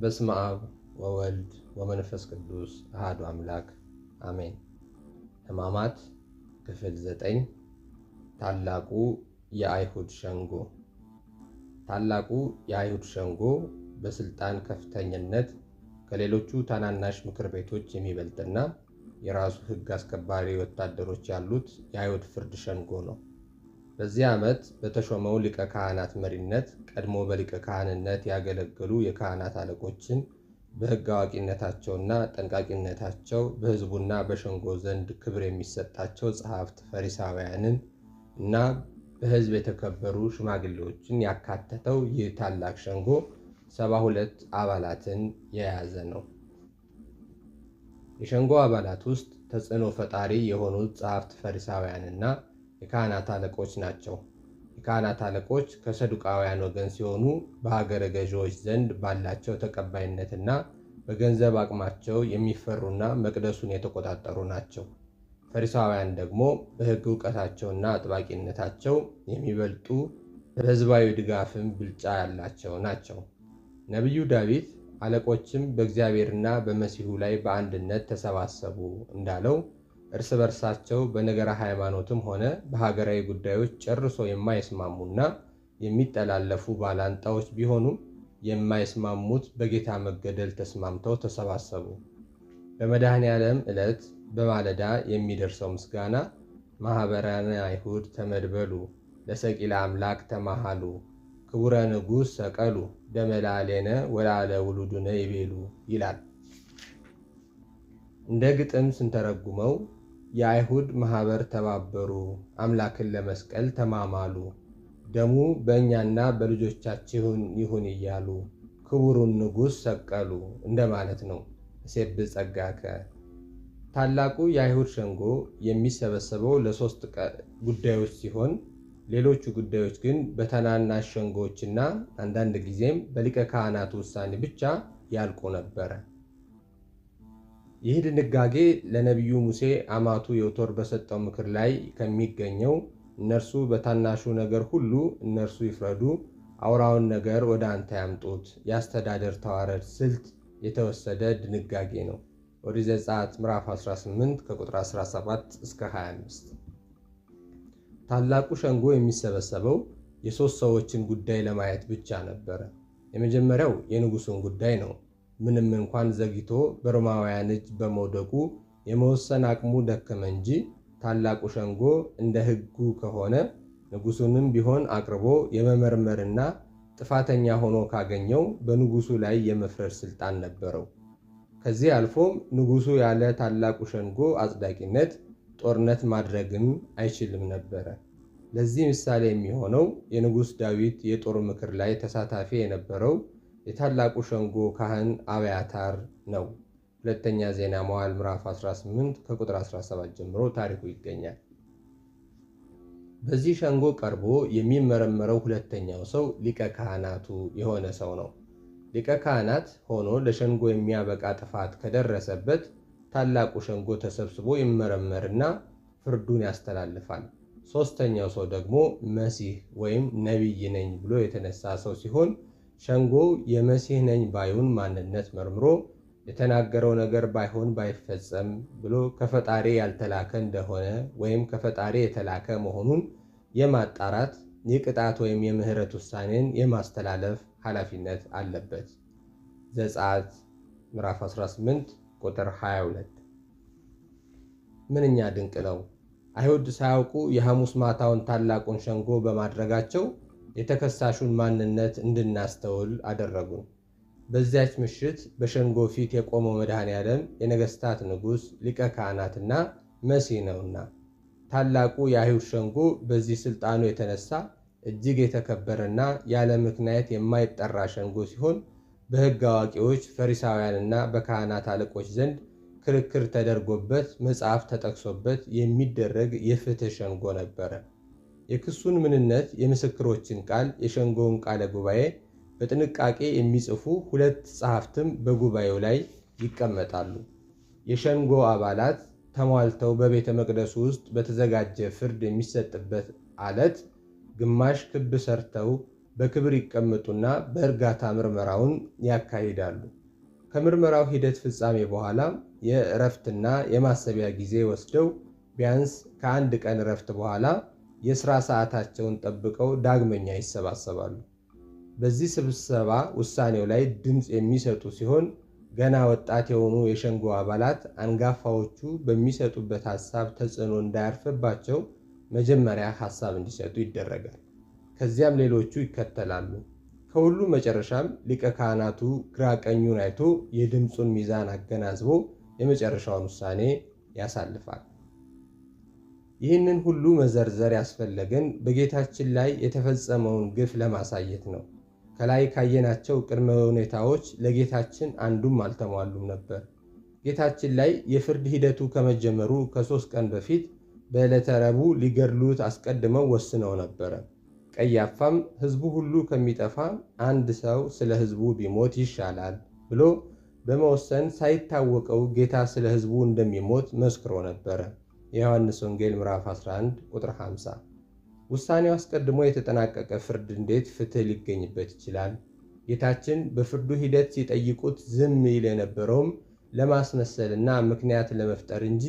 በስመ አብ ወወልድ ወመንፈስ ቅዱስ አህዱ አምላክ አሜን። ሕማማት ክፍል ዘጠኝ ታላቁ የአይሁድ ሸንጎ። ታላቁ የአይሁድ ሸንጎ በስልጣን ከፍተኝነት ከሌሎቹ ታናናሽ ምክር ቤቶች የሚበልጥና የራሱ ህግ አስከባሪ ወታደሮች ያሉት የአይሁድ ፍርድ ሸንጎ ነው። በዚህ ዓመት በተሾመው ሊቀ ካህናት መሪነት ቀድሞ በሊቀ ካህንነት ያገለገሉ የካህናት አለቆችን በሕግ አዋቂነታቸውና ጠንቃቂነታቸው በሕዝቡና በሸንጎ ዘንድ ክብር የሚሰጣቸው ጸሐፍት ፈሪሳውያንን እና በሕዝብ የተከበሩ ሽማግሌዎችን ያካተተው ይህ ታላቅ ሸንጎ ሰባ ሁለት አባላትን የያዘ ነው። የሸንጎ አባላት ውስጥ ተጽዕኖ ፈጣሪ የሆኑት ጸሐፍት ፈሪሳውያንና የካህናት አለቆች ናቸው። የካህናት አለቆች ከሰዱቃውያን ወገን ሲሆኑ በሀገረ ገዢዎች ዘንድ ባላቸው ተቀባይነትና በገንዘብ አቅማቸው የሚፈሩና መቅደሱን የተቆጣጠሩ ናቸው። ፈሪሳውያን ደግሞ በሕግ እውቀታቸውና አጥባቂነታቸው የሚበልጡ በሕዝባዊ ድጋፍም ብልጫ ያላቸው ናቸው። ነቢዩ ዳዊት አለቆችም በእግዚአብሔርና በመሲሁ ላይ በአንድነት ተሰባሰቡ እንዳለው እርስ በርሳቸው በነገረ ሃይማኖትም ሆነ በሀገራዊ ጉዳዮች ጨርሶ የማይስማሙና የሚጠላለፉ ባላንጣዎች ቢሆኑም የማይስማሙት በጌታ መገደል ተስማምተው ተሰባሰቡ። በመድኃኔ ዓለም ዕለት በማለዳ የሚደርሰው ምስጋና ማኅበራነ አይሁድ ተመድበሉ ለሰቂላ አምላክ ተማሃሉ ክቡረ ንጉሥ ሰቀሉ ደመላሌነ ወላለ ውሉዱነ ይቤሉ ይላል። እንደ ግጥም ስንተረጉመው የአይሁድ ማኅበር ተባበሩ፣ አምላክን ለመስቀል ተማማሉ፣ ደሙ በእኛና በልጆቻችን ይሁን እያሉ ክቡሩን ንጉሥ ሰቀሉ እንደማለት ነው። እሴብ ጸጋከ ታላቁ የአይሁድ ሸንጎ የሚሰበሰበው ለሶስት ጉዳዮች ሲሆን ሌሎቹ ጉዳዮች ግን በተናናሽ ሸንጎዎችና አንዳንድ ጊዜም በሊቀ ካህናቱ ውሳኔ ብቻ ያልቁ ነበረ። ይህ ድንጋጌ ለነቢዩ ሙሴ አማቱ ዮቶር በሰጠው ምክር ላይ ከሚገኘው እነርሱ በታናሹ ነገር ሁሉ እነርሱ ይፍረዱ፣ አውራውን ነገር ወደ አንተ ያምጡት የአስተዳደር ተዋረድ ስልት የተወሰደ ድንጋጌ ነው። ኦሪት ዘጸአት ምዕራፍ 18 ከቁጥር 17 እስከ 25። ታላቁ ሸንጎ የሚሰበሰበው የሦስት ሰዎችን ጉዳይ ለማየት ብቻ ነበረ። የመጀመሪያው የንጉሱን ጉዳይ ነው። ምንም እንኳን ዘግይቶ በሮማውያን እጅ በመውደቁ የመወሰን አቅሙ ደከመ እንጂ ታላቁ ሸንጎ እንደ ሕጉ ከሆነ ንጉሱንም ቢሆን አቅርቦ የመመርመርና ጥፋተኛ ሆኖ ካገኘው በንጉሱ ላይ የመፍረድ ስልጣን ነበረው። ከዚህ አልፎም ንጉሱ ያለ ታላቁ ሸንጎ አጽዳቂነት ጦርነት ማድረግም አይችልም ነበረ። ለዚህ ምሳሌ የሚሆነው የንጉሥ ዳዊት የጦር ምክር ላይ ተሳታፊ የነበረው የታላቁ ሸንጎ ካህን አብያታር ነው። ሁለተኛ ዜና መዋዕል ምዕራፍ 18 ከቁጥር 17 ጀምሮ ታሪኩ ይገኛል። በዚህ ሸንጎ ቀርቦ የሚመረመረው ሁለተኛው ሰው ሊቀ ካህናቱ የሆነ ሰው ነው። ሊቀ ካህናት ሆኖ ለሸንጎ የሚያበቃ ጥፋት ከደረሰበት ታላቁ ሸንጎ ተሰብስቦ ይመረመርና ፍርዱን ያስተላልፋል። ሦስተኛው ሰው ደግሞ መሲህ ወይም ነቢይ ነኝ ብሎ የተነሳ ሰው ሲሆን ሸንጎ የመሲህ ነኝ ባዩን ማንነት መርምሮ የተናገረው ነገር ባይሆን ባይፈጸም ብሎ ከፈጣሪ ያልተላከ እንደሆነ ወይም ከፈጣሪ የተላከ መሆኑን የማጣራት የቅጣት ወይም የምህረት ውሳኔን የማስተላለፍ ኃላፊነት አለበት። ዘጸአት ምዕራፍ 18 ቁጥር 22። ምንኛ ድንቅ ነው! አይሁድ ሳያውቁ የሐሙስ ማታውን ታላቁን ሸንጎ በማድረጋቸው የተከሳሹን ማንነት እንድናስተውል አደረጉን። በዚያች ምሽት በሸንጎ ፊት የቆመው መድኃኔ ዓለም የነገሥታት ንጉሥ ሊቀ ካህናትና መሲህ ነውና ታላቁ የአይሁድ ሸንጎ በዚህ ሥልጣኑ የተነሳ እጅግ የተከበረና ያለ ምክንያት የማይጠራ ሸንጎ ሲሆን በሕግ አዋቂዎች ፈሪሳውያንና በካህናት አለቆች ዘንድ ክርክር ተደርጎበት መጽሐፍ ተጠቅሶበት የሚደረግ የፍትሕ ሸንጎ ነበረ። የክሱን ምንነት፣ የምስክሮችን ቃል፣ የሸንጎውን ቃለ ጉባኤ በጥንቃቄ የሚጽፉ ሁለት ጸሐፍትም በጉባኤው ላይ ይቀመጣሉ። የሸንጎ አባላት ተሟልተው በቤተ መቅደሱ ውስጥ በተዘጋጀ ፍርድ የሚሰጥበት አለት ግማሽ ክብ ሰርተው በክብር ይቀመጡና በእርጋታ ምርመራውን ያካሂዳሉ። ከምርመራው ሂደት ፍጻሜ በኋላ የእረፍትና የማሰቢያ ጊዜ ወስደው ቢያንስ ከአንድ ቀን እረፍት በኋላ የሥራ ሰዓታቸውን ጠብቀው ዳግመኛ ይሰባሰባሉ። በዚህ ስብሰባ ውሳኔው ላይ ድምፅ የሚሰጡ ሲሆን ገና ወጣት የሆኑ የሸንጎ አባላት አንጋፋዎቹ በሚሰጡበት ሐሳብ ተጽዕኖ እንዳያርፍባቸው መጀመሪያ ሐሳብ እንዲሰጡ ይደረጋል። ከዚያም ሌሎቹ ይከተላሉ። ከሁሉ መጨረሻም ሊቀ ካህናቱ ግራ ቀኙን አይቶ የድምፁን ሚዛን አገናዝቦ የመጨረሻውን ውሳኔ ያሳልፋል። ይህንን ሁሉ መዘርዘር ያስፈለገን በጌታችን ላይ የተፈጸመውን ግፍ ለማሳየት ነው። ከላይ ካየናቸው ቅድመ ሁኔታዎች ለጌታችን አንዱም አልተሟሉም ነበር። ጌታችን ላይ የፍርድ ሂደቱ ከመጀመሩ ከሦስት ቀን በፊት በዕለተ ረቡዕ ሊገድሉት አስቀድመው ወስነው ነበረ። ቀያፋም ሕዝቡ ሁሉ ከሚጠፋ አንድ ሰው ስለ ሕዝቡ ቢሞት ይሻላል ብሎ በመወሰን ሳይታወቀው ጌታ ስለ ሕዝቡ እንደሚሞት መስክሮ ነበረ። የዮሐንስ ወንጌል ምዕራፍ 11 ቁጥር 50። ውሳኔው አስቀድሞ የተጠናቀቀ ፍርድ እንዴት ፍትህ ሊገኝበት ይችላል? ጌታችን በፍርዱ ሂደት ሲጠይቁት ዝም ይል የነበረውም ለማስመሰልና ምክንያት ለመፍጠር እንጂ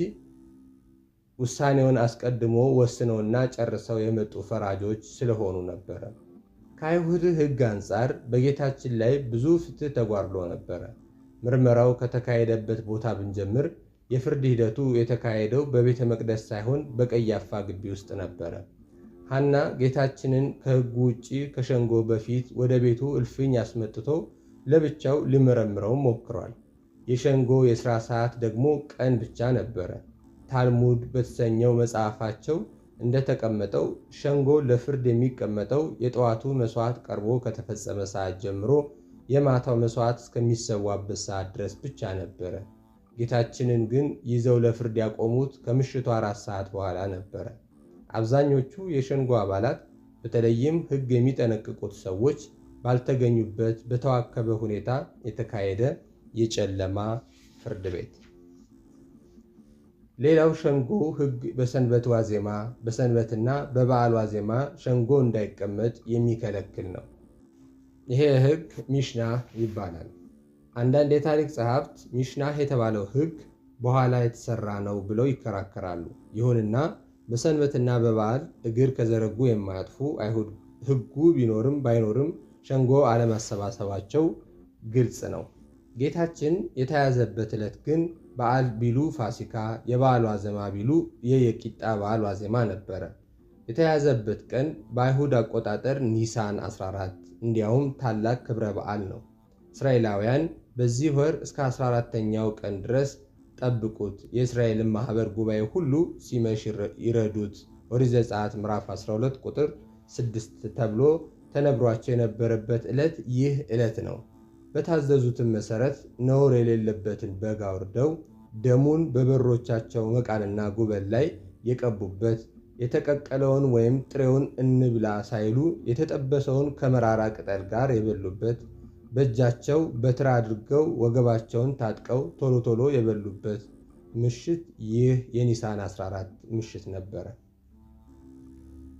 ውሳኔውን አስቀድሞ ወስነውና ጨርሰው የመጡ ፈራጆች ስለሆኑ ነበረ። ከአይሁድ ሕግ አንጻር በጌታችን ላይ ብዙ ፍትህ ተጓድሎ ነበረ። ምርመራው ከተካሄደበት ቦታ ብንጀምር የፍርድ ሂደቱ የተካሄደው በቤተ መቅደስ ሳይሆን በቀያፋ ግቢ ውስጥ ነበረ። ሐና ጌታችንን ከሕጉ ውጭ ከሸንጎ በፊት ወደ ቤቱ እልፍኝ አስመጥቶ ለብቻው ሊመረምረው ሞክሯል። የሸንጎ የሥራ ሰዓት ደግሞ ቀን ብቻ ነበረ። ታልሙድ በተሰኘው መጽሐፋቸው እንደተቀመጠው ሸንጎ ለፍርድ የሚቀመጠው የጠዋቱ መሥዋዕት ቀርቦ ከተፈጸመ ሰዓት ጀምሮ የማታው መሥዋዕት እስከሚሰዋበት ሰዓት ድረስ ብቻ ነበረ። ጌታችንን ግን ይዘው ለፍርድ ያቆሙት ከምሽቱ አራት ሰዓት በኋላ ነበረ። አብዛኞቹ የሸንጎ አባላት በተለይም ሕግ የሚጠነቅቁት ሰዎች ባልተገኙበት በተዋከበ ሁኔታ የተካሄደ የጨለማ ፍርድ ቤት። ሌላው ሸንጎ ሕግ በሰንበት ዋዜማ በሰንበትና በበዓል ዋዜማ ሸንጎ እንዳይቀመጥ የሚከለክል ነው። ይሄ ሕግ ሚሽና ይባላል። አንዳንድ የታሪክ ጸሐፍት ሚሽናህ የተባለው ሕግ በኋላ የተሰራ ነው ብለው ይከራከራሉ። ይሁንና በሰንበትና በበዓል እግር ከዘረጉ የማያጥፉ አይሁድ ሕጉ ቢኖርም ባይኖርም ሸንጎ አለማሰባሰባቸው ግልጽ ነው። ጌታችን የተያዘበት ዕለት ግን በዓል ቢሉ ፋሲካ፣ የበዓል ዋዜማ ቢሉ የየቂጣ በዓል ዋዜማ ነበረ። የተያዘበት ቀን በአይሁድ አቆጣጠር ኒሳን 14 እንዲያውም ታላቅ ክብረ በዓል ነው። እስራኤላውያን በዚህ ወር እስከ 14ተኛው ቀን ድረስ ጠብቁት። የእስራኤልን ማህበር ጉባኤ ሁሉ ሲመሽ ይረዱት። ኦሪት ዘጸአት ምዕራፍ 12 ቁጥር 6 ተብሎ ተነግሯቸው የነበረበት ዕለት ይህ ዕለት ነው። በታዘዙትም መሠረት ነውር የሌለበትን በግ አውርደው ደሙን በበሮቻቸው መቃንና ጉበል ላይ የቀቡበት የተቀቀለውን ወይም ጥሬውን እንብላ ሳይሉ የተጠበሰውን ከመራራ ቅጠል ጋር የበሉበት በእጃቸው በትር አድርገው ወገባቸውን ታጥቀው ቶሎ ቶሎ የበሉበት ምሽት ይህ የኒሳን 14 ምሽት ነበረ።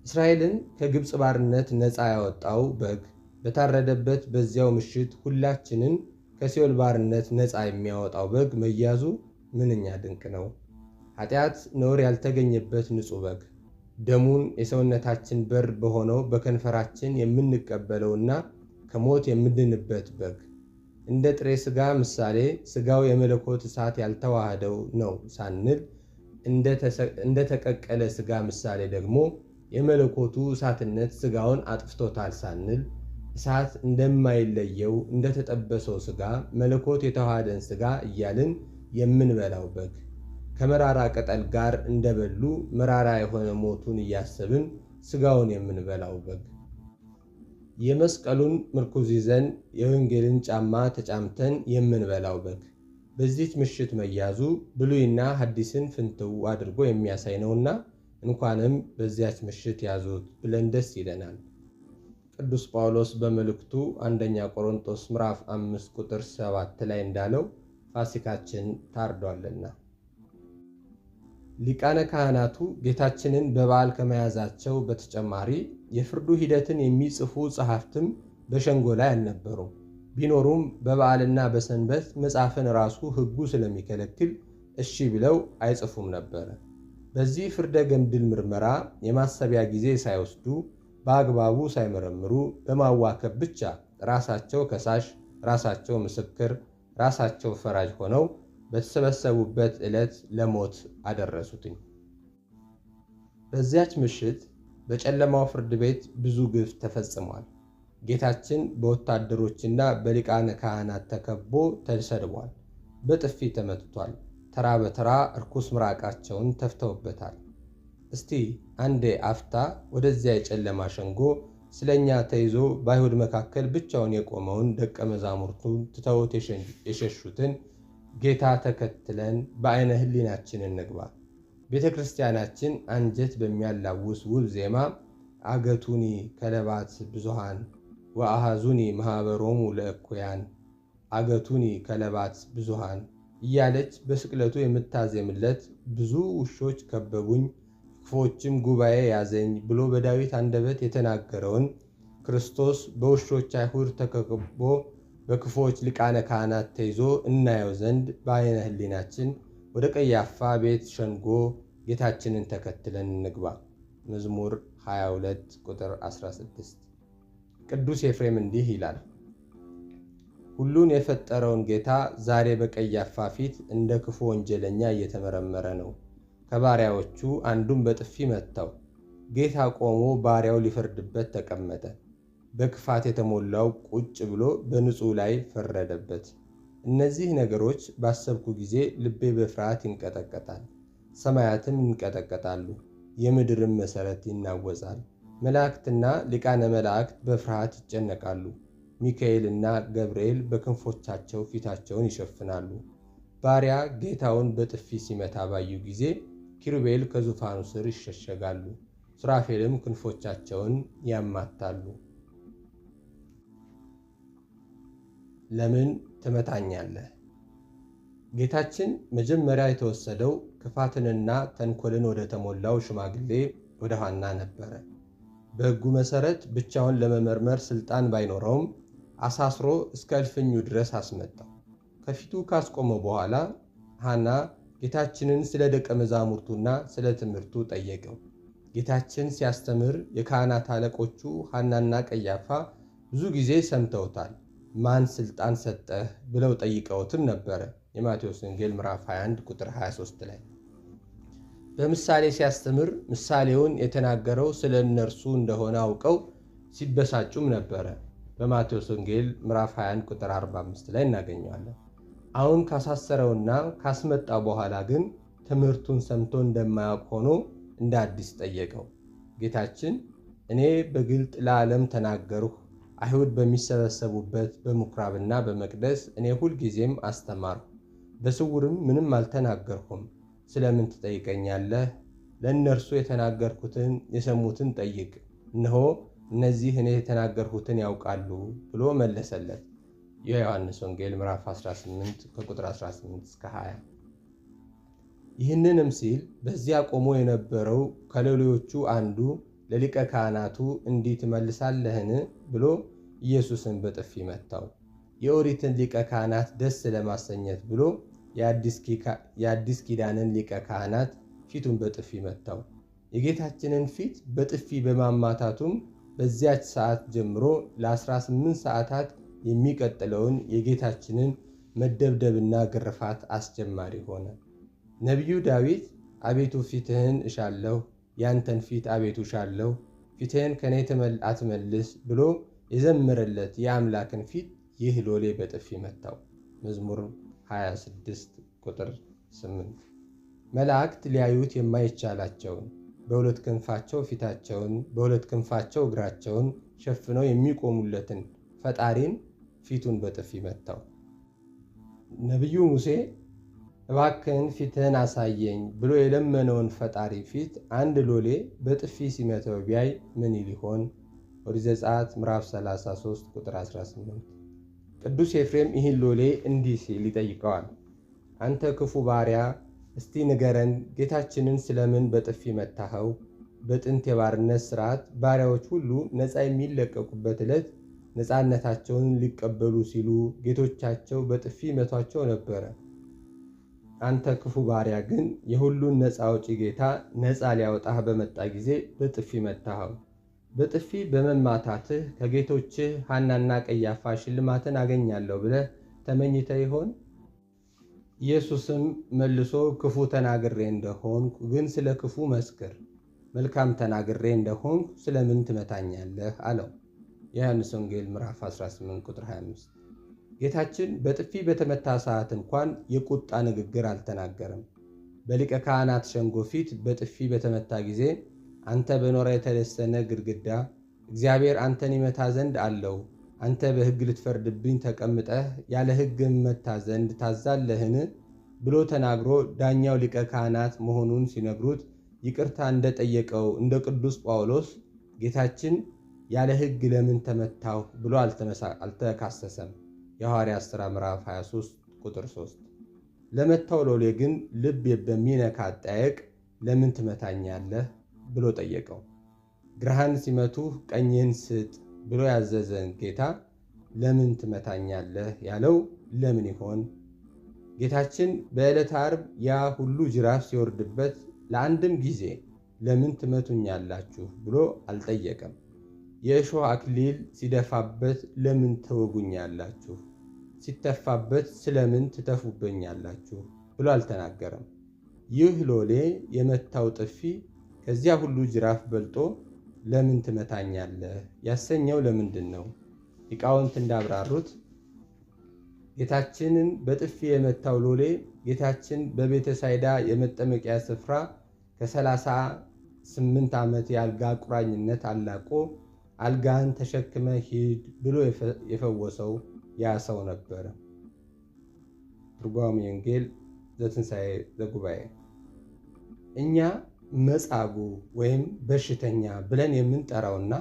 እስራኤልን ከግብፅ ባርነት ነፃ ያወጣው በግ በታረደበት በዚያው ምሽት ሁላችንን ከሲኦል ባርነት ነፃ የሚያወጣው በግ መያዙ ምንኛ ድንቅ ነው! ኃጢአት ነውር ያልተገኘበት ንጹሕ በግ ደሙን የሰውነታችን በር በሆነው በከንፈራችን የምንቀበለውና ከሞት የምድንበት በግ እንደ ጥሬ ሥጋ ምሳሌ ሥጋው የመለኮት እሳት ያልተዋህደው ነው ሳንል እንደተቀቀለ ሥጋ ምሳሌ ደግሞ የመለኮቱ እሳትነት ሥጋውን አጥፍቶታል ሳንል እሳት እንደማይለየው እንደተጠበሰው ሥጋ መለኮት የተዋሃደን ሥጋ እያልን የምንበላው በግ ከመራራ ቅጠል ጋር እንደበሉ መራራ የሆነ ሞቱን እያሰብን ሥጋውን የምንበላው በግ የመስቀሉን ምርኩዝ ይዘን የወንጌልን ጫማ ተጫምተን የምንበላው በግ በዚች ምሽት መያዙ ብሉይና ሐዲስን ፍንትው አድርጎ የሚያሳይ ነውና እንኳንም በዚያች ምሽት ያዙት ብለን ደስ ይለናል። ቅዱስ ጳውሎስ በመልእክቱ አንደኛ ቆሮንቶስ ምዕራፍ አምስት ቁጥር ሰባት ላይ እንዳለው ፋሲካችን ታርዷልና። ሊቃነ ካህናቱ ጌታችንን በበዓል ከመያዛቸው በተጨማሪ የፍርዱ ሂደትን የሚጽፉ ጸሐፍትም በሸንጎ ላይ አልነበሩም። ቢኖሩም በበዓልና በሰንበት መጻፍን ራሱ ሕጉ ስለሚከለክል እሺ ብለው አይጽፉም ነበር። በዚህ ፍርደ ገምድል ምርመራ የማሰቢያ ጊዜ ሳይወስዱ በአግባቡ ሳይመረምሩ በማዋከብ ብቻ ራሳቸው ከሳሽ፣ ራሳቸው ምስክር፣ ራሳቸው ፈራጅ ሆነው በተሰበሰቡበት ዕለት ለሞት አደረሱትኝ። በዚያች ምሽት በጨለማው ፍርድ ቤት ብዙ ግፍ ተፈጽሟል። ጌታችን በወታደሮችና በሊቃነ ካህናት ተከቦ ተሰድቧል። በጥፊ ተመትቷል። ተራ በተራ እርኩስ ምራቃቸውን ተፍተውበታል። እስቲ አንዴ አፍታ ወደዚያ የጨለማ ሸንጎ ስለ እኛ ተይዞ በአይሁድ መካከል ብቻውን የቆመውን ደቀ መዛሙርቱን ትተውት የሸሹትን ጌታ ተከትለን በአይነ ህሊናችን እንግባ። ቤተ ክርስቲያናችን አንጀት በሚያላውስ ውብ ዜማ አገቱኒ ከለባት ብዙሃን ወአሃዙኒ ማህበሮሙ ለእኩያን አገቱኒ ከለባት ብዙሃን እያለች በስቅለቱ የምታዜምለት ብዙ ውሾች ከበቡኝ፣ ክፎችም ጉባኤ ያዘኝ ብሎ በዳዊት አንደበት የተናገረውን ክርስቶስ በውሾች አይሁድ ተከቦ በክፎች ሊቃነ ካህናት ተይዞ እናየው ዘንድ በአይነ ህሊናችን ወደ ቀያፋ ቤት ሸንጎ ጌታችንን ተከትለን እንግባ። መዝሙር 22 ቁጥር 16። ቅዱስ ኤፍሬም እንዲህ ይላል፣ ሁሉን የፈጠረውን ጌታ ዛሬ በቀያፋ ፊት እንደ ክፉ ወንጀለኛ እየተመረመረ ነው። ከባሪያዎቹ አንዱን በጥፊ መታው። ጌታ ቆሞ ባሪያው ሊፈርድበት ተቀመጠ። በክፋት የተሞላው ቁጭ ብሎ በንጹሕ ላይ ፈረደበት። እነዚህ ነገሮች ባሰብኩ ጊዜ ልቤ በፍርሃት ይንቀጠቀጣል። ሰማያትም ይንቀጠቀጣሉ፣ የምድርም መሠረት ይናወጻል። መላእክትና ሊቃነ መላእክት በፍርሃት ይጨነቃሉ። ሚካኤልና ገብርኤል በክንፎቻቸው ፊታቸውን ይሸፍናሉ። ባሪያ ጌታውን በጥፊ ሲመታ ባዩ ጊዜ ኪሩቤል ከዙፋኑ ስር ይሸሸጋሉ፣ ሱራፌልም ክንፎቻቸውን ያማታሉ። ለምን ትመታኛለህ። ጌታችን መጀመሪያ የተወሰደው ክፋትንና ተንኮልን ወደ ተሞላው ሽማግሌ ወደ ሐና ነበረ። በሕጉ መሠረት ብቻውን ለመመርመር ሥልጣን ባይኖረውም አሳስሮ እስከ እልፍኙ ድረስ አስመጣው። ከፊቱ ካስቆመ በኋላ ሐና ጌታችንን ስለ ደቀ መዛሙርቱና ስለ ትምህርቱ ጠየቀው። ጌታችን ሲያስተምር የካህናት አለቆቹ ሐናና ቀያፋ ብዙ ጊዜ ሰምተውታል። ማን ስልጣን ሰጠህ ብለው ጠይቀውትም ነበረ። የማቴዎስ ወንጌል ምዕራፍ 21 ቁጥር 23 ላይ በምሳሌ ሲያስተምር ምሳሌውን የተናገረው ስለ እነርሱ እንደሆነ አውቀው ሲበሳጩም ነበረ። በማቴዎስ ወንጌል ምዕራፍ 21 ቁጥር 45 ላይ እናገኘዋለን። አሁን ካሳሰረውና ካስመጣ በኋላ ግን ትምህርቱን ሰምቶ እንደማያውቅ ሆኖ እንደ አዲስ ጠየቀው። ጌታችን እኔ በግልጥ ለዓለም ተናገርሁ አይሁድ በሚሰበሰቡበት በምኩራብና በመቅደስ እኔ ሁልጊዜም አስተማርሁ፣ በስውርም ምንም አልተናገርሁም። ስለምን ትጠይቀኛለህ? ለእነርሱ የተናገርኩትን የሰሙትን ጠይቅ፣ እነሆ እነዚህ እኔ የተናገርሁትን ያውቃሉ ብሎ መለሰለት። የዮሐንስ ወንጌል ምዕራፍ 18 ከቁጥር 18 እስከ 20። ይህንንም ሲል በዚያ ቆሞ የነበረው ከሌሎቹ አንዱ ለሊቀ ካህናቱ እንዲህ ትመልሳለህን ብሎ ኢየሱስን በጥፊ መታው። የኦሪትን ሊቀ ካህናት ደስ ለማሰኘት ብሎ የአዲስ ኪዳንን ሊቀ ካህናት ፊቱን በጥፊ መታው። የጌታችንን ፊት በጥፊ በማማታቱም በዚያች ሰዓት ጀምሮ ለ18 ሰዓታት የሚቀጥለውን የጌታችንን መደብደብና ግርፋት አስጀማሪ ሆነ። ነቢዩ ዳዊት አቤቱ ፊትህን እሻለሁ ያንተን ፊት አቤቱ ሻለሁ፣ ፊትህን ከኔ አትመልስ ብሎ የዘመረለት የአምላክን ፊት ይህ ሎሌ በጥፊ መታው። መዝሙር 26 ቁጥር 8 መላእክት ሊያዩት የማይቻላቸውን በሁለት ክንፋቸው ፊታቸውን በሁለት ክንፋቸው እግራቸውን ሸፍነው የሚቆሙለትን ፈጣሪን ፊቱን በጥፊ መታው። ነቢዩ ሙሴ እባክን ፊትህን አሳየኝ ብሎ የለመነውን ፈጣሪ ፊት አንድ ሎሌ በጥፊ ሲመተው ቢያይ ምን ይል ይሆን? ኦሪት ዘጸአት ምዕራፍ 33 ቁጥር 18። ቅዱስ ኤፍሬም ይህን ሎሌ እንዲህ ሲል ይጠይቀዋል። አንተ ክፉ ባሪያ፣ እስቲ ንገረን ጌታችንን ስለምን በጥፊ መታኸው? በጥንት የባርነት ሥርዓት ባሪያዎች ሁሉ ነፃ የሚለቀቁበት ዕለት ነፃነታቸውን ሊቀበሉ ሲሉ ጌቶቻቸው በጥፊ መቷቸው ነበረ። አንተ ክፉ ባሪያ ግን የሁሉን ነፃ አውጪ ጌታ ነፃ ሊያወጣህ በመጣ ጊዜ በጥፊ መታኸው። በጥፊ በመማታትህ ከጌቶችህ ሐናና ቀያፋ ሽልማትን አገኛለሁ ብለህ ተመኝተ ይሆን? ኢየሱስም መልሶ ክፉ ተናግሬ እንደሆንኩ ግን ስለ ክፉ መስክር፣ መልካም ተናግሬ እንደሆንኩ ስለምን ትመታኛለህ? አለው። የዮሐንስ ወንጌል ምዕራፍ 18 ቁጥር 25 ጌታችን በጥፊ በተመታ ሰዓት እንኳን የቁጣ ንግግር አልተናገረም። በሊቀ ካህናት ሸንጎ ፊት በጥፊ በተመታ ጊዜ አንተ በኖራ የተለሰነ ግድግዳ እግዚአብሔር አንተን ይመታ ዘንድ አለው፣ አንተ በሕግ ልትፈርድብኝ ተቀምጠህ ያለ ሕግ መታ ዘንድ ታዛለህን ብሎ ተናግሮ ዳኛው ሊቀ ካህናት መሆኑን ሲነግሩት ይቅርታ እንደጠየቀው እንደ ቅዱስ ጳውሎስ ጌታችን ያለ ሕግ ለምን ተመታሁ ብሎ አልተካሰሰም። የሐዋርያት ሥራ ምዕራፍ 23 ቁጥር 3። ለመታው ሎሌ ግን ልብ በሚነካ አጠያየቅ ለምን ትመታኛለህ ብሎ ጠየቀው። ግራህን ሲመቱ ቀኝህን ስጥ ብሎ ያዘዘን ጌታ ለምን ትመታኛለህ ያለው ለምን ይሆን? ጌታችን በዕለተ ዓርብ ያ ሁሉ ጅራፍ ሲወርድበት ለአንድም ጊዜ ለምን ትመቱኛላችሁ ብሎ አልጠየቀም። የእሾህ አክሊል ሲደፋበት ለምን ትወጉኛላችሁ ሲተፋበት ስለምን ትተፉበኛላችሁ ብሎ አልተናገረም። ይህ ሎሌ የመታው ጥፊ ከዚያ ሁሉ ጅራፍ በልጦ ለምን ትመታኛለህ ያሰኘው ለምንድን ነው? ሊቃውንት እንዳብራሩት ጌታችንን በጥፊ የመታው ሎሌ ጌታችን በቤተ ሳይዳ የመጠመቂያ ስፍራ ከ38 ዓመት የአልጋ ቁራኝነት አላቆ አልጋን ተሸክመ ሂድ ብሎ የፈወሰው ያ ሰው ነበረ። ትርጓሜ ወንጌል ዘትንሣኤ ዘጉባኤ። እኛ መጻጉ ወይም በሽተኛ ብለን የምንጠራውና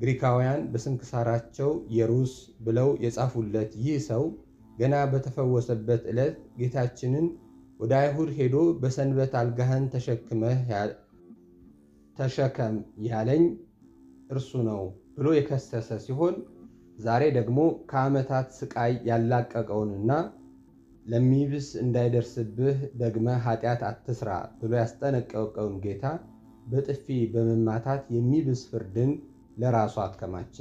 ግሪካውያን በስንክሳራቸው የሩስ ብለው የጻፉለት ይህ ሰው ገና በተፈወሰበት ዕለት ጌታችንን ወደ አይሁድ ሄዶ በሰንበት አልጋህን ተሸክመህ ተሸከም ያለኝ እርሱ ነው ብሎ የከሰሰ ሲሆን ዛሬ ደግሞ ከዓመታት ስቃይ ያላቀቀውንና ለሚብስ እንዳይደርስብህ ደግመ ኃጢአት አትስራ ብሎ ያስጠነቀቀውን ጌታ በጥፊ በመማታት የሚብስ ፍርድን ለራሱ አከማቸ።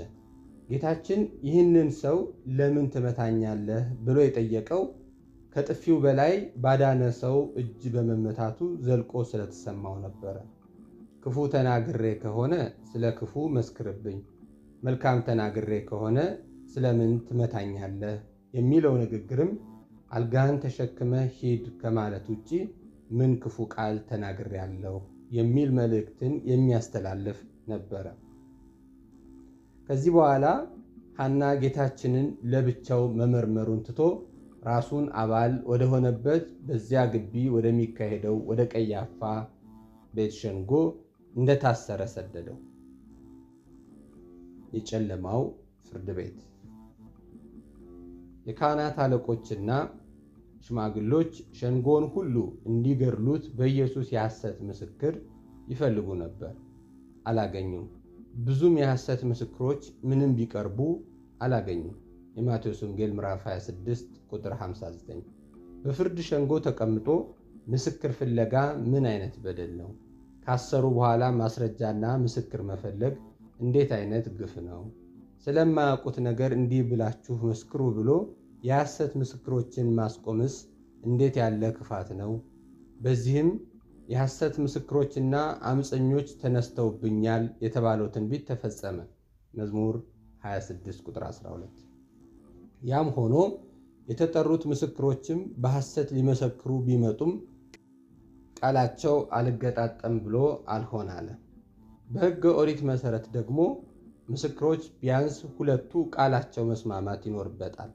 ጌታችን ይህንን ሰው ለምን ትመታኛለህ ብሎ የጠየቀው ከጥፊው በላይ ባዳነ ሰው እጅ በመመታቱ ዘልቆ ስለተሰማው ነበረ። ክፉ ተናግሬ ከሆነ ስለ ክፉ መስክርብኝ መልካም ተናግሬ ከሆነ ስለምን ትመታኛለህ? የሚለው ንግግርም አልጋህን ተሸክመ ሂድ ከማለት ውጪ ምን ክፉ ቃል ተናግሬያለሁ የሚል መልእክትን የሚያስተላልፍ ነበረ። ከዚህ በኋላ ሐና ጌታችንን ለብቻው መመርመሩን ትቶ ራሱን አባል ወደሆነበት በዚያ ግቢ ወደሚካሄደው ወደ ቀያፋ ቤት ሸንጎ እንደታሰረ ሰደደው። የጨለማው ፍርድ ቤት የካህናት አለቆችና ሽማግሎች ሸንጎን ሁሉ እንዲገድሉት በኢየሱስ የሐሰት ምስክር ይፈልጉ ነበር፣ አላገኙም። ብዙም የሐሰት ምስክሮች ምንም ቢቀርቡ አላገኙም። የማቴዎስ ወንጌል ምዕራፍ 26 ቁጥር 59። በፍርድ ሸንጎ ተቀምጦ ምስክር ፍለጋ ምን አይነት በደል ነው? ካሰሩ በኋላ ማስረጃና ምስክር መፈለግ እንዴት አይነት ግፍ ነው! ስለማያውቁት ነገር እንዲህ ብላችሁ መስክሩ ብሎ የሐሰት ምስክሮችን ማስቆምስ እንዴት ያለ ክፋት ነው! በዚህም የሐሰት ምስክሮችና አምፀኞች ተነስተውብኛል የተባለው ትንቢት ተፈጸመ። መዝሙር 26 ቁጥር 12። ያም ሆኖ የተጠሩት ምስክሮችም በሐሰት ሊመሰክሩ ቢመጡም ቃላቸው አልገጣጠም ብሎ አልሆን አለ። በሕገ ኦሪት መሠረት ደግሞ ምስክሮች ቢያንስ ሁለቱ ቃላቸው መስማማት ይኖርበታል።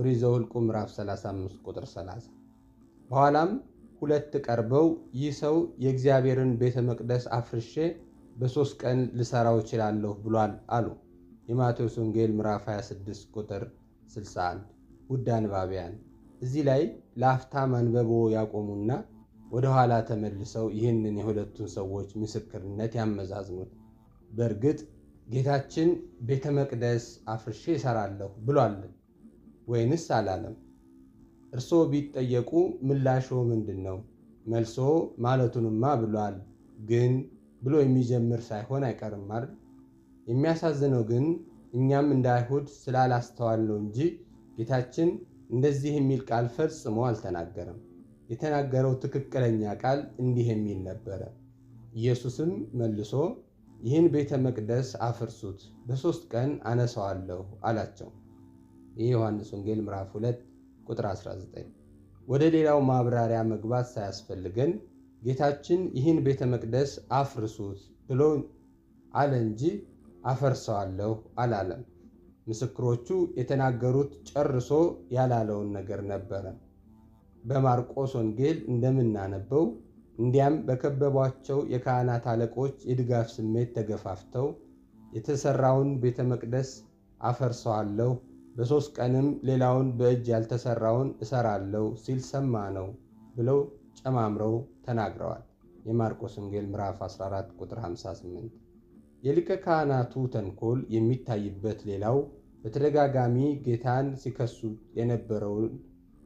ኦሪት ዘኍልቍ ምዕራፍ 35 ቁጥር 30። በኋላም ሁለት ቀርበው ይህ ሰው የእግዚአብሔርን ቤተ መቅደስ አፍርሼ በሦስት ቀን ልሠራው እችላለሁ ብሏል አሉ። የማቴዎስ ወንጌል ምዕራፍ 26 ቁጥር 61። ውድ አንባቢያን እዚህ ላይ ለአፍታ ማንበቦ ያቆሙና ወደ ኋላ ተመልሰው ይህንን የሁለቱን ሰዎች ምስክርነት ያመዛዝኑት። በእርግጥ ጌታችን ቤተ መቅደስ አፍርሼ እሰራለሁ ብሏል ወይንስ አላለም? እርስዎ ቢጠየቁ ምላሾ ምንድን ነው? መልሶ ማለቱንማ ብሏል ግን ብሎ የሚጀምር ሳይሆን አይቀርም አይደል? የሚያሳዝነው ግን እኛም እንደ አይሁድ ስላላስተዋል ነው እንጂ ጌታችን እንደዚህ የሚል ቃል ፈጽሞ አልተናገረም። የተናገረው ትክክለኛ ቃል እንዲህ የሚል ነበረ። ኢየሱስም መልሶ ይህን ቤተ መቅደስ አፍርሱት፣ በሦስት ቀን አነሰዋለሁ አላቸው። የዮሐንስ ወንጌል ምዕራፍ 2 ቁጥር 19። ወደ ሌላው ማብራሪያ መግባት ሳያስፈልገን ጌታችን ይህን ቤተ መቅደስ አፍርሱት ብሎ አለ እንጂ አፈርሰዋለሁ አላለም። ምስክሮቹ የተናገሩት ጨርሶ ያላለውን ነገር ነበረ። በማርቆስ ወንጌል እንደምናነበው እንዲያም በከበቧቸው የካህናት አለቆች የድጋፍ ስሜት ተገፋፍተው የተሰራውን ቤተ መቅደስ አፈርሰዋለሁ፣ በሦስት ቀንም ሌላውን በእጅ ያልተሰራውን እሰራለሁ ሲል ሰማ ነው ብለው ጨማምረው ተናግረዋል። የማርቆስ ወንጌል ምዕራፍ 14 ቁጥር 58። የሊቀ ካህናቱ ተንኮል የሚታይበት ሌላው በተደጋጋሚ ጌታን ሲከሱ የነበረውን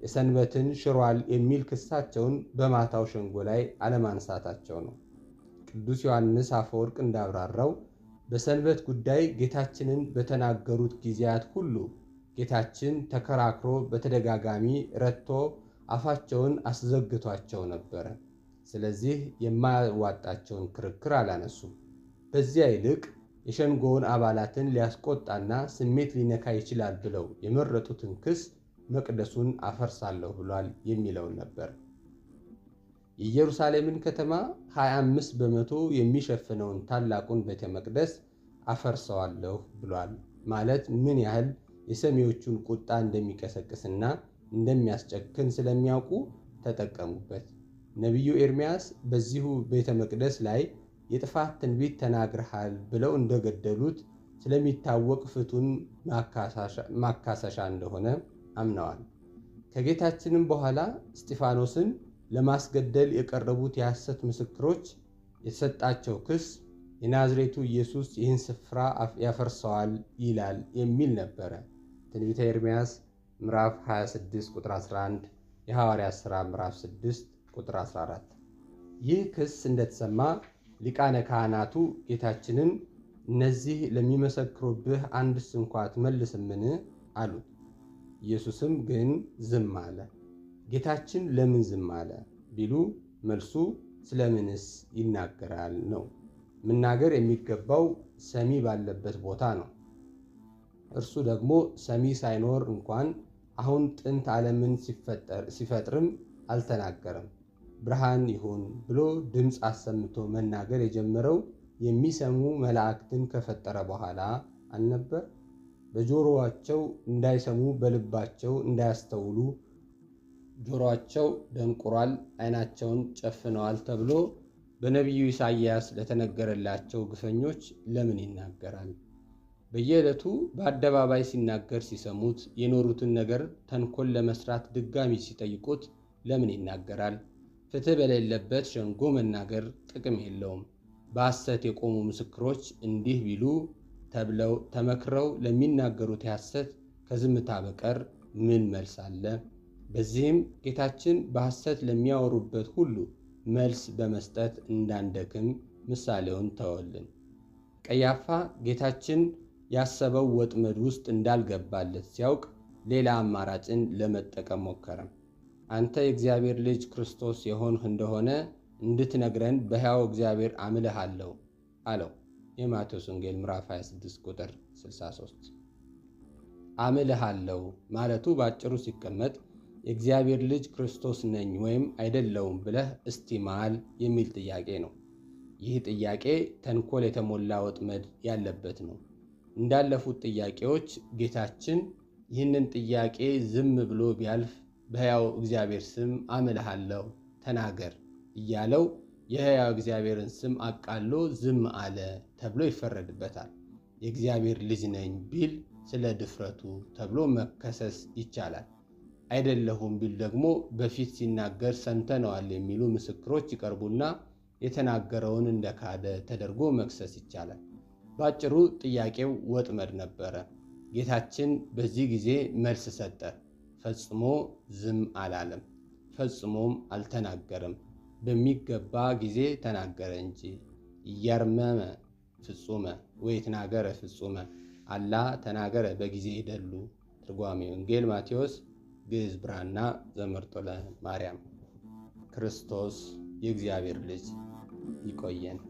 የሰንበትን ሽሯል የሚል ክሳቸውን በማታው ሸንጎ ላይ አለማንሳታቸው ነው። ቅዱስ ዮሐንስ አፈወርቅ እንዳብራራው በሰንበት ጉዳይ ጌታችንን በተናገሩት ጊዜያት ሁሉ ጌታችን ተከራክሮ በተደጋጋሚ ረትቶ አፋቸውን አስዘግቷቸው ነበረ። ስለዚህ የማያዋጣቸውን ክርክር አላነሱም። በዚያ ይልቅ የሸንጎውን አባላትን ሊያስቆጣና ስሜት ሊነካ ይችላል ብለው የመረጡትን ክስ መቅደሱን አፈርሳለሁ ብሏል የሚለውን ነበር። የኢየሩሳሌምን ከተማ 25 በመቶ የሚሸፍነውን ታላቁን ቤተ መቅደስ አፈርሰዋለሁ ብሏል ማለት ምን ያህል የሰሜዎቹን ቁጣ እንደሚቀሰቅስና እንደሚያስጨክን ስለሚያውቁ ተጠቀሙበት። ነቢዩ ኤርምያስ በዚሁ ቤተ መቅደስ ላይ የጥፋት ትንቢት ተናግረሃል ብለው እንደገደሉት ስለሚታወቅ ፍቱን ማካሰሻ እንደሆነ አምነዋል። ከጌታችንም በኋላ እስጢፋኖስን ለማስገደል የቀረቡት የሐሰት ምስክሮች የተሰጣቸው ክስ የናዝሬቱ ኢየሱስ ይህን ስፍራ ያፈርሰዋል ይላል የሚል ነበረ። ትንቢተ ኤርምያስ ምዕራፍ 26 ቁጥር 11፣ የሐዋርያ ሥራ ምዕራፍ 6 ቁጥር 14። ይህ ክስ እንደተሰማ ሊቃነ ካህናቱ ጌታችንን እነዚህ ለሚመሰክሩብህ አንድስ እንኳ አትመልስምን አሉት። ኢየሱስም ግን ዝም አለ። ጌታችን ለምን ዝም አለ ቢሉ መልሱ ስለምንስ ይናገራል ነው። መናገር የሚገባው ሰሚ ባለበት ቦታ ነው። እርሱ ደግሞ ሰሚ ሳይኖር እንኳን አሁን ጥንት ዓለምን ሲፈጥርም አልተናገረም። ብርሃን ይሁን ብሎ ድምፅ አሰምቶ መናገር የጀመረው የሚሰሙ መላእክትን ከፈጠረ በኋላ አልነበር? በጆሮአቸው እንዳይሰሙ በልባቸው እንዳያስተውሉ ጆሮአቸው ደንቁሯል፣ ዓይናቸውን ጨፍነዋል ተብሎ በነቢዩ ኢሳይያስ ለተነገረላቸው ግፈኞች ለምን ይናገራል? በየዕለቱ በአደባባይ ሲናገር ሲሰሙት የኖሩትን ነገር ተንኮል ለመስራት ድጋሚ ሲጠይቁት ለምን ይናገራል? ፍትህ በሌለበት ሸንጎ መናገር ጥቅም የለውም። በሐሰት የቆሙ ምስክሮች እንዲህ ቢሉ ተብለው ተመክረው ለሚናገሩት የሐሰት ከዝምታ በቀር ምን መልስ አለ? በዚህም ጌታችን በሐሰት ለሚያወሩበት ሁሉ መልስ በመስጠት እንዳንደክም ምሳሌውን ተወልን። ቀያፋ ጌታችን ያሰበው ወጥመድ ውስጥ እንዳልገባለት ሲያውቅ ሌላ አማራጭን ለመጠቀም ሞከረም። አንተ የእግዚአብሔር ልጅ ክርስቶስ የሆንህ እንደሆነ እንድትነግረን በሕያው እግዚአብሔር አምልሃለሁ አለው። የማቴዎስ ወንጌል ምዕራፍ 26 ቁጥር 63። አምልሃለሁ ማለቱ በአጭሩ ሲቀመጥ የእግዚአብሔር ልጅ ክርስቶስ ነኝ ወይም አይደለውም ብለህ እስቲ ማል የሚል ጥያቄ ነው። ይህ ጥያቄ ተንኮል የተሞላ ወጥመድ ያለበት ነው። እንዳለፉት ጥያቄዎች ጌታችን ይህንን ጥያቄ ዝም ብሎ ቢያልፍ በሕያው እግዚአብሔር ስም አምልሃለሁ ተናገር እያለው የሕያው እግዚአብሔርን ስም አቃሎ ዝም አለ ተብሎ ይፈረድበታል። የእግዚአብሔር ልጅ ነኝ ቢል ስለ ድፍረቱ ተብሎ መከሰስ ይቻላል። አይደለሁም ቢል ደግሞ በፊት ሲናገር ሰምተነዋል የሚሉ ምስክሮች ይቀርቡና የተናገረውን እንደካደ ተደርጎ መክሰስ ይቻላል። ባጭሩ ጥያቄው ወጥመድ ነበረ። ጌታችን በዚህ ጊዜ መልስ ሰጠ። ፈጽሞ ዝም አላለም፣ ፈጽሞም አልተናገርም። በሚገባ ጊዜ ተናገረ እንጂ እያርመመ ፍጹመ ተናገረ ፍጹመ አላ ተናገረ በጊዜ ይደሉ። ትርጓሜ ወንጌል ማቴዎስ ግዕዝ ብራና ዘመርጦለ ማርያም። ክርስቶስ የእግዚአብሔር ልጅ ይቆየን።